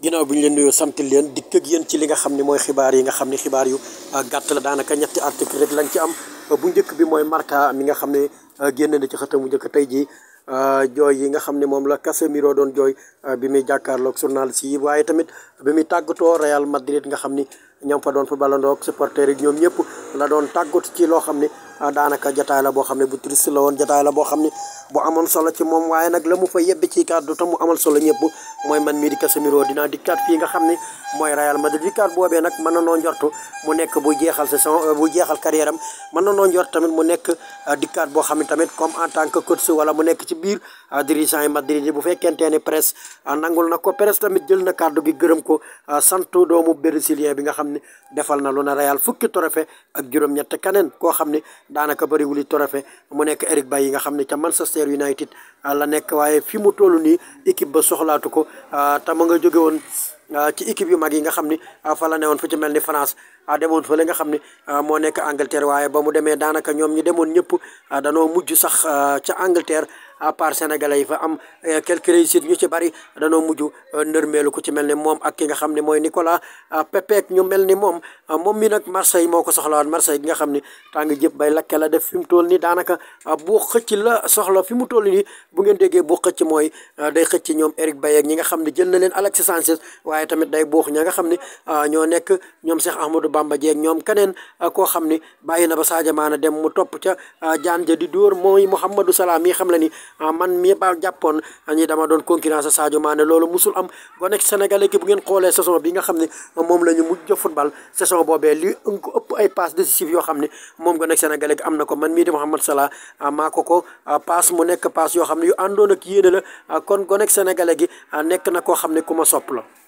ginnaaw bi ñu leen nuyoo sant leen dikk ak yéen ci li nga xam ne mooy xibaar yi nga xam ne xibaar yu uh, gàtt la daanaka ñetti article rek lañ ci am uh, bu njëkk bi mooy marka mi nga xam ne uh, génn na ci xëtam bu njëkk tey jii jooy yi nga xam ne moom la miro doon jooy bi muy jàkkaarloog journaliste yi waaye tamit bi muy tàggatoo Real Madrid nga xam ni ñam fa doon footballandoo ak supporters ñoom ñëpp la doon tàggat ci loo xam ne ah, daanaka jataay la boo xam ne bu triste la woon jataay la boo xam ne bu amoon solo ci moom waaye nag la mu fa yebbi ci kàddu te mu amal solo ñëpp mooy man mii di Casemiro dinaa dikkaat fii nga xam ne mooy Real Madrid dikkaat boobee nag mën na noo njortu mu nekk bu jeexal saison euh, bu jeexal carrière am mën na noo njort tamit mu nekk euh, dikkaat boo xam ne tamit comme en tant que coach wala mu nekk ci biir euh, dirigeant yi Madrid bu fekkente ne presse nangul na ko tamit jël na kàddu gi gërëm ko sant doomu brésilien bi nga xam xam ne defal na lu na Real fukki trophée ak juróom-ñett keneen koo xam ne daanaka bëriwuli trophée mu nekk Eric Bailly yi nga xam ne ca Manchester United ah, la nekk waaye fi toll nii équipe ba soxlaatu ko ah, te ma nga jóge woon ah, ci équipe yu mag yi nga xam ni fa la newoon fu ci mel ni France demoon fa la nga xam ni moo nekk Angleterre waaye ba mu demee daanaka ñoom ñi demoon ñëpp danoo mujj sax ca Angleterre à part sénégalais yi fa am euh, quelques réussites ñu ci bari danoo mujj euh, nërmeelu ku ci mel ne moom ak ki nga xam ne mooy Nicolas euh, Pepe ñu mel ni moom moom mi nag Marseille moo ko soxla woon Marseille gi nga xam ne tàng jëpp bay lakke la def fi mu toll nii daanaka bu xëcc la soxla fi mu toll nii bu ngeen déggee bu xëcc mooy day xëcc ñoom Eric Bailly ak ñi nga xam ne jël na leen Alexis Sanchez waaye tamit day buux ña nga xam ne ñoo nekk ñoom Cheikh Ahmadou Bamba Dieng ñoom keneen koo xam ni bàyyi na ba Sadio Mané dem mu topp ca jaan ja di dóor mooy Mouhamadou Salah mi xam la ni Ah, man mii ba jàppoon ñi ah, dama doon concurrence a Sadio Mané loolu musul am gone ak Sénégalais gi bu ngeen xoolee saison bi nga xam ne moom la ñu mujj football saison boobee li ëpp ay passes décisives yoo xam ne moom gone ak Sénégalais gi am na ko man mii di Mohamed Salah ah, maa maako ko passe mu nekk passe yoo xam ne yu àndoon ak yéene la kon gone ak Sénégalais gi nekk na koo xam ne ku ma sopp la